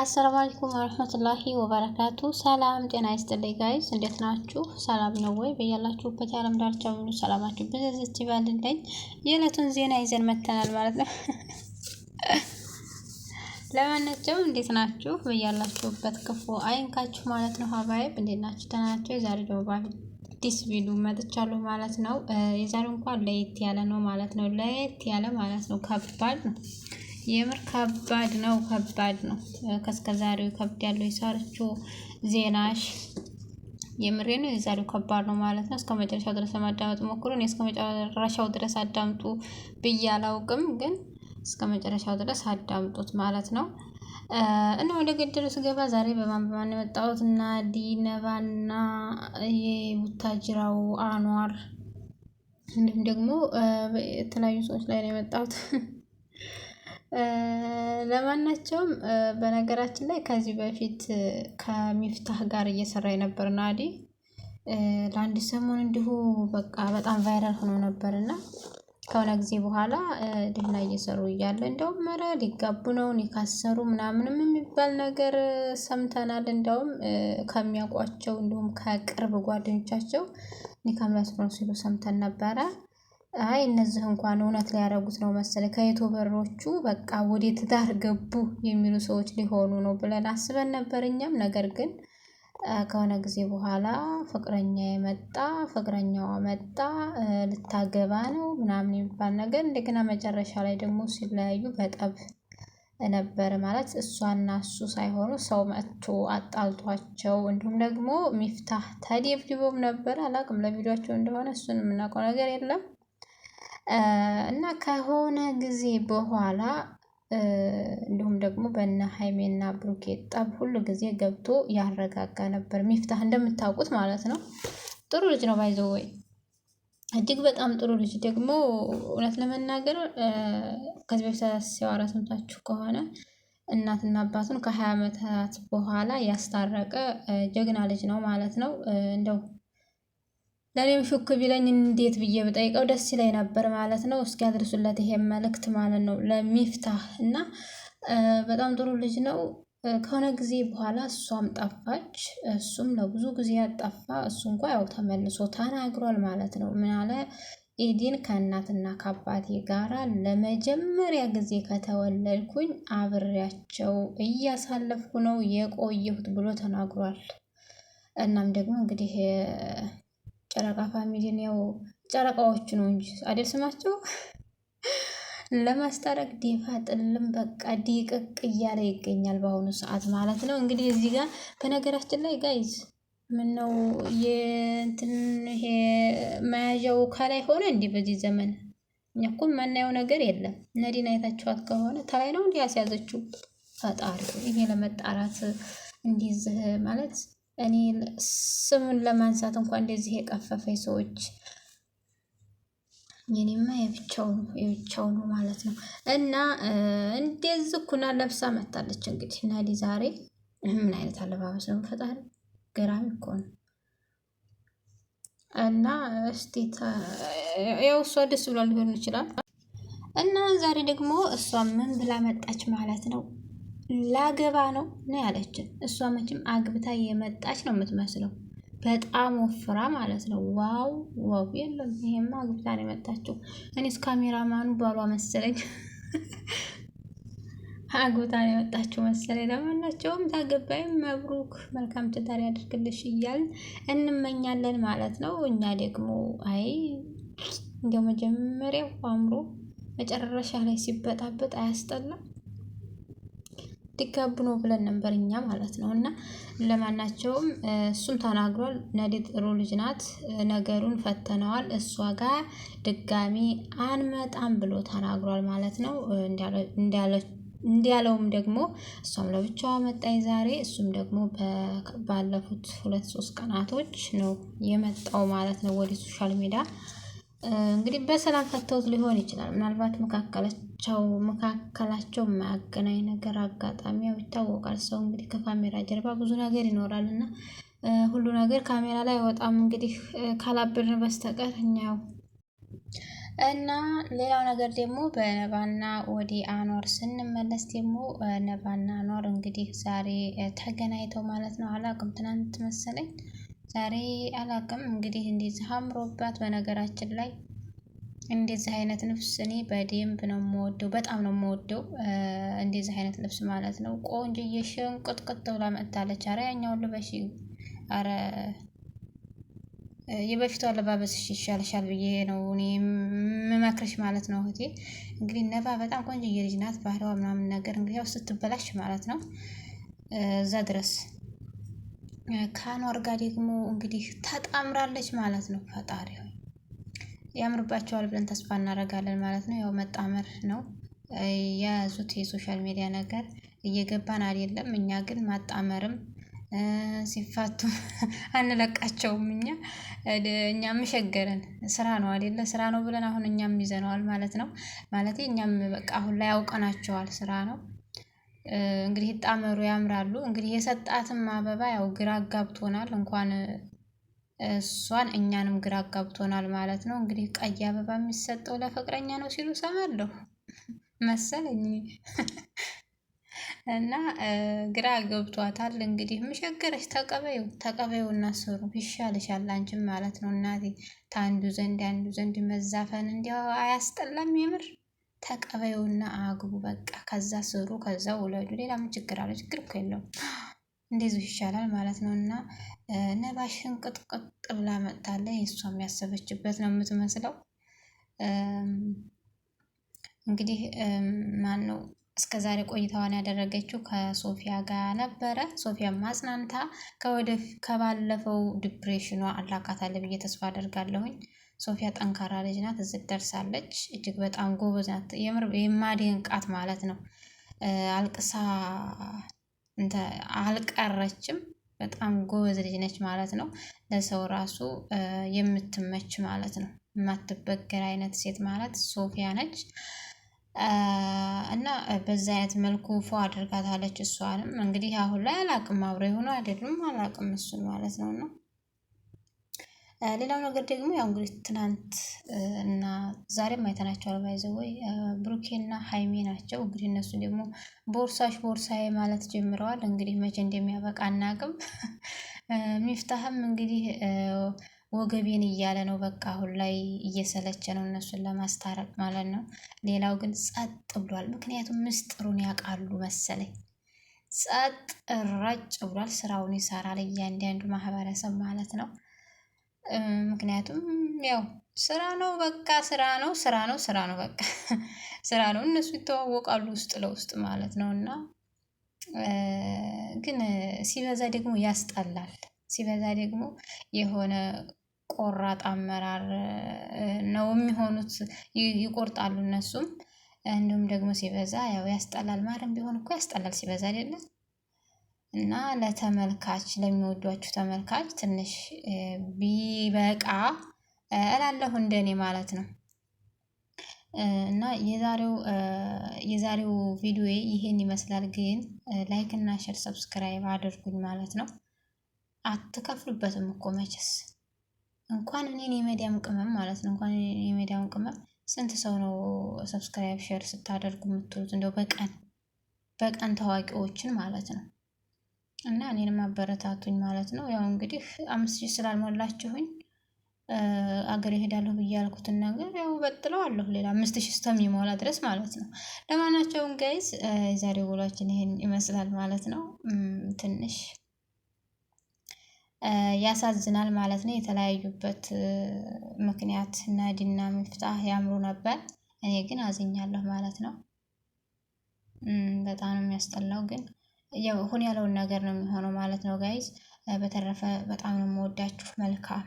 አሰላሙ አለይኩም ወረህመቱላሂ ወበረካቱ። ሰላም ጤና ይስጥልኝ ጋይዝ፣ እንዴት ናችሁ? ሰላም ነው ወይ? በያላችሁበት የዓለም ዳርቻ ሁሉ ሰላማችሁ ብዝዝት ይበልልኝ። የዕለቱን ዜና ይዘን መተናል ማለት ነው። ለማንኛውም እንዴት ናችሁ? በያላችሁበት ክፉ አይንካችሁ ማለት ነው። ሀባይብ እንዴት ናችሁ? ደህና ናቸው። የዛሬ ደግሞ አዲስ ቪዲዮ መጥቻለሁ ማለት ነው። የዛሬው እንኳን ለየት ያለ ነው ማለት ነው። ለየት ያለ ማለት ነው። ከባድ ነው የምር ከባድ ነው፣ ከባድ ነው። ዛሬው ከብድ ያለው የሳርችው ዜናሽ የምሬ ነው። የዛሬው ከባድ ነው ማለት ነው። እስከ መጨረሻው ድረስ ለማዳመጥ ሞክሩ። እኔ እስከ መጨረሻው ድረስ አዳምጡ ብዬ አላውቅም፣ ግን እስከ መጨረሻው ድረስ አዳምጡት ማለት ነው። እና ወደ ገደሉ ስገባ ዛሬ በማን በማን የመጣሁት እና ዲነባና የቡታጅራው አኗር እንዲሁም ደግሞ የተለያዩ ሰዎች ላይ ነው የመጣሁት። ለማናቸውም በነገራችን ላይ ከዚህ በፊት ከሚፍታህ ጋር እየሰራ የነበር ናዲ ለአንድ ሰሞን እንዲሁ በቃ በጣም ቫይራል ሆኖ ነበር እና ከሆነ ጊዜ በኋላ ድህና እየሰሩ እያለ እንደውም መረ ሊጋቡ ነው ካሰሩ ምናምንም የሚባል ነገር ሰምተናል። እንደውም ከሚያውቋቸው እንዲሁም ከቅርብ ጓደኞቻቸው ኒካምላስ ሲሉ ሰምተን ነበረ። አይ እነዚህ እንኳን እውነት ሊያደርጉት ነው መሰለ በሮቹ በቃ ወደ ትዳር ገቡ የሚሉ ሰዎች ሊሆኑ ነው ብለን አስበን ነበር እኛም። ነገር ግን ከሆነ ጊዜ በኋላ ፍቅረኛ የመጣ ፍቅረኛዋ መጣ ልታገባ ነው ምናምን የሚባል ነገር እንደገና መጨረሻ ላይ ደግሞ ሲለያዩ በጠብ ነበር ማለት እሷና እሱ ሳይሆኑ ሰው መጥቶ አጣልቷቸው፣ እንዲሁም ደግሞ ሚፍታህ ተደብድቦም ነበር። አላቅም ለቪዲዮቸው እንደሆነ እሱን የምናውቀው ነገር የለም። እና ከሆነ ጊዜ በኋላ እንዲሁም ደግሞ በነ ሀይሜና ብሩኬ ጠብ ሁሉ ጊዜ ገብቶ ያረጋጋ ነበር። ሚፍታህ እንደምታውቁት ማለት ነው ጥሩ ልጅ ነው ባይዘው ወይ እጅግ በጣም ጥሩ ልጅ ደግሞ እውነት ለመናገር ከዚህ በፊት ሲያወራ ሰምታችሁ ከሆነ እናትና አባቱን ከሀያ ዓመታት በኋላ ያስታረቀ ጀግና ልጅ ነው ማለት ነው እንደው ለእኔም ሹክ ቢለኝ እንዴት ብዬ ብጠይቀው ደስ ይለኝ ነበር ማለት ነው። እስኪ አድርሱለት ይሄ መልእክት ማለት ነው ለሚፍታህ እና በጣም ጥሩ ልጅ ነው። ከሆነ ጊዜ በኋላ እሷም ጠፋች፣ እሱም ለብዙ ጊዜ ያጠፋ እሱ እንኳ ያው ተመልሶ ተናግሯል ማለት ነው። ምናለ ኤዲን ከእናትና ከአባቴ ጋራ ለመጀመሪያ ጊዜ ከተወለድኩኝ አብሬያቸው እያሳለፍኩ ነው የቆየሁት ብሎ ተናግሯል። እናም ደግሞ እንግዲህ ጨረቃ ፋሚሊን ያው ጨረቃዎቹ ነው እንጂ አይደል ስማቸው ለማስታረቅ ዴፋ ጥልም በቃ ዲቅቅ እያለ ይገኛል በአሁኑ ሰዓት ማለት ነው። እንግዲህ እዚህ ጋር በነገራችን ላይ ጋይዝ ነው የእንትን ይሄ መያዣው ከላይ ሆነ እንዲህ በዚህ ዘመን እኛ እኮ የማናየው ነገር የለም። ነዲን አይታችኋት ከሆነ ተላይ ነው እንዲህ ያስያዘችው ፈጣሪ ይሄ ለመጣራት እንዲዝህ ማለት እኔ ስምን ለማንሳት እንኳን እንደዚህ የቀፈፈኝ ሰዎች የኔማ የብቻው ነው የብቻው ነው ማለት ነው። እና እንደዚህ ኩና ለብሳ መታለች። እንግዲህ ናዲ ዛሬ ምን አይነት አለባበስ ነው? ፈጣሪ ገራሚ እኮ ነው። እና እስቲ ያው እሷ ደስ ብሏል ሊሆን ይችላል። እና ዛሬ ደግሞ እሷ ምን ብላ መጣች ማለት ነው ላገባ ነው ነው ያለችን። እሷ መቼም አግብታ የመጣች ነው የምትመስለው፣ በጣም ወፍራ ማለት ነው። ዋው ዋው! የለም ይሄማ አግብታ ነው የመጣችው። እኔስ ካሜራማኑ ባሏ መሰለኝ አግብታ ነው የመጣችው መሰለኝ። ለማናቸውም ታገባይ መብሩክ፣ መልካም ትዳር ያድርግልሽ እያል እንመኛለን ማለት ነው። እኛ ደግሞ አይ እንደው መጀመሪያው አምሮ መጨረሻ ላይ ሲበጣበጥ አያስጠላም። ሊጋቡ ነው ብለን ነበር እኛ ማለት ነው። እና ለማናቸውም እሱም ተናግሯል። ነዲ ጥሩ ልጅ ናት፣ ነገሩን ፈተነዋል፣ እሷ ጋር ድጋሚ አንመጣም ብሎ ተናግሯል ማለት ነው እንዲያለውም ደግሞ እሷም ለብቻዋ መጣኝ ዛሬ እሱም ደግሞ ባለፉት ሁለት ሶስት ቀናቶች ነው የመጣው ማለት ነው ወደ ሶሻል ሚዲያ እንግዲህ በሰላም ፈተውት ሊሆን ይችላል። ምናልባት መካከላቸው መካከላቸው የማያገናኝ ነገር አጋጣሚ ያው ይታወቃል። ሰው እንግዲህ ከካሜራ ጀርባ ብዙ ነገር ይኖራል እና ሁሉ ነገር ካሜራ ላይ ወጣም እንግዲህ ካላብርን በስተቀር እኛው እና ሌላው ነገር ደግሞ በነባና ወደ አኗር ስንመለስ ደግሞ ነባና አኗር እንግዲህ ዛሬ ተገናኝተው ማለት ነው። አላቅም ትናንት መሰለኝ ዛሬ አላቅም እንግዲህ እንደዚህ አምሮባት። በነገራችን ላይ እንደዚህ አይነት ልብስ እኔ በደንብ ነው የምወደው፣ በጣም ነው የምወደው እንደዚህ አይነት ልብስ ማለት ነው። ቆንጆ ቆንጆዬ ሽንቅጥቅጥ ብላ መጥታለች። አረ ያኛው ልበሽ፣ አረ የበፊቱ አለባበስሽ ይሻልሻል ብዬ ነው እኔ የምመክርሽ ማለት ነው እህቴ። እንግዲህ ነባ በጣም ቆንጆዬ ልጅ ናት፣ ባህሪዋ ምናምን ነገር እንግዲህ ያው ስትበላሽ ማለት ነው እዛ ድረስ ከአኗር ጋር ደግሞ እንግዲህ ተጣምራለች ማለት ነው። ፈጣሪ ያምርባቸዋል ብለን ተስፋ እናደርጋለን ማለት ነው። ያው መጣመር ነው የያዙት የሶሻል ሚዲያ ነገር እየገባን አይደለም። እኛ ግን ማጣመርም ሲፋቱ አንለቃቸውም። እኛ እኛም ሸገረን ስራ ነው አይደለ? ስራ ነው ብለን አሁን እኛም ይዘነዋል ማለት ነው። ማለት እኛም በቃ አሁን ላይ ያውቀናቸዋል ስራ ነው እንግዲህ ይጣመሩ ያምራሉ። እንግዲህ የሰጣትም አበባ ያው ግራ አጋብቶናል። እንኳን እሷን እኛንም ግራ አጋብቶናል ማለት ነው። እንግዲህ ቀይ አበባ የሚሰጠው ለፍቅረኛ ነው ሲሉ ሰማለሁ መሰለኝ እና ግራ ገብቷታል። እንግዲህ ምሸገረች ተቀበዩ ተቀበዩ እናስሩ ይሻልሻል አንቺም ማለት ነው እናቴ። ታንዱ ዘንድ አንዱ ዘንድ መዛፈን እንዲያው አያስጠላም የምር ተቀበዩና አግቡ በቃ ከዛ ስሩ ከዛ ውለዱ። ሌላ ምን ችግር አለ? ችግር እኮ የለውም። እንደዚሁ ይሻላል ማለት ነው። እና ነባሽን ቅጥቅጥ ብላ መጥታለች። እሷ የሚያሰበችበት ነው የምትመስለው። እንግዲህ ማን ነው እስከ ዛሬ ቆይታዋን ያደረገችው ከሶፊያ ጋር ነበረ። ሶፊያ ማጽናንታ ከባለፈው ዲፕሬሽኗ አላቃታለ ብዬ ተስፋ አደርጋለሁኝ። ሶፊያ ጠንካራ ልጅ ናት፣ እዚህ ደርሳለች። እጅግ በጣም ጎበዝ ናት። የምር የማደንቃት ማለት ነው። አልቅሳ አልቀረችም። በጣም ጎበዝ ልጅ ነች ማለት ነው። ለሰው ራሱ የምትመች ማለት ነው። የማትበገር አይነት ሴት ማለት ሶፊያ ነች። እና በዛ አይነት መልኩ ፎ አድርጋታለች። እሷንም እንግዲህ አሁን ላይ አላቅም አብረው የሆኑ አይደሉም አላቅም እሱን ማለት ነው ነው ሌላው ነገር ደግሞ ያው እንግዲህ ትናንት እና ዛሬም አይተናቸዋል። ባይ ዘ ወይ ብሩኬና ሀይሜ ናቸው። እንግዲህ እነሱ ደግሞ ቦርሳሽ ቦርሳዬ ማለት ጀምረዋል። እንግዲህ መቼ እንደሚያበቃ አናቅም። ሚፍታህም እንግዲህ ወገቤን እያለ ነው። በቃ አሁን ላይ እየሰለቸ ነው እነሱን ለማስታረቅ ማለት ነው። ሌላው ግን ጸጥ ብሏል። ምክንያቱም ምስጢሩን ያውቃሉ መሰለኝ። ጸጥ እራጭ ብሏል። ስራውን ይሰራል እያንዳንዱ ማህበረሰብ ማለት ነው። ምክንያቱም ያው ስራ ነው፣ በቃ ስራ ነው፣ ስራ ነው፣ ስራ ነው፣ በቃ ስራ ነው። እነሱ ይተዋወቃሉ ውስጥ ለውስጥ ማለት ነው። እና ግን ሲበዛ ደግሞ ያስጠላል። ሲበዛ ደግሞ የሆነ ቆራጥ አመራር ነው የሚሆኑት፣ ይቆርጣሉ እነሱም። እንዲሁም ደግሞ ሲበዛ ያው ያስጠላል። ማረም ቢሆን እኮ ያስጠላል ሲበዛ አይደለም። እና ለተመልካች ለሚወዷችሁ ተመልካች ትንሽ ቢበቃ እላለሁ እንደኔ ማለት ነው። እና የዛሬው የዛሬው ቪዲዮ ይሄን ይመስላል። ግን ላይክ እና ሼር ሰብስክራይብ አድርጉኝ ማለት ነው። አትከፍሉበትም እኮ መቼስ እንኳን እኔን የመዲያም ቅመም ማለት ነው እንኳን እኔን የመዲያም ቅመም ስንት ሰው ነው ሰብስክራይብ ሼር ስታደርጉ የምትሉት? እንደው በቀን በቀን ታዋቂዎችን ማለት ነው። እና እኔንም አበረታቱኝ ማለት ነው። ያው እንግዲህ አምስት ሺህ ስላልሞላችሁኝ አገር ይሄዳለሁ ብዬ ያልኩትን ነገር ያው በጥለዋለሁ ሌላ አምስት ሺህ እስከሚሞላ ድረስ ማለት ነው። ለማናቸውም ጋይዝ የዛሬ ውሏችን ይሄን ይመስላል ማለት ነው። ትንሽ ያሳዝናል ማለት ነው። የተለያዩበት ምክንያት ናዲና ሚፍታህ ያምሩ ነበር፣ እኔ ግን አዝኛለሁ ማለት ነው። በጣም ነው የሚያስጠላው ግን ያው ሁን ያለውን ነገር ነው የሚሆነው ማለት ነው ጋይዝ። በተረፈ በጣም ነው የምወዳችሁ። መልካም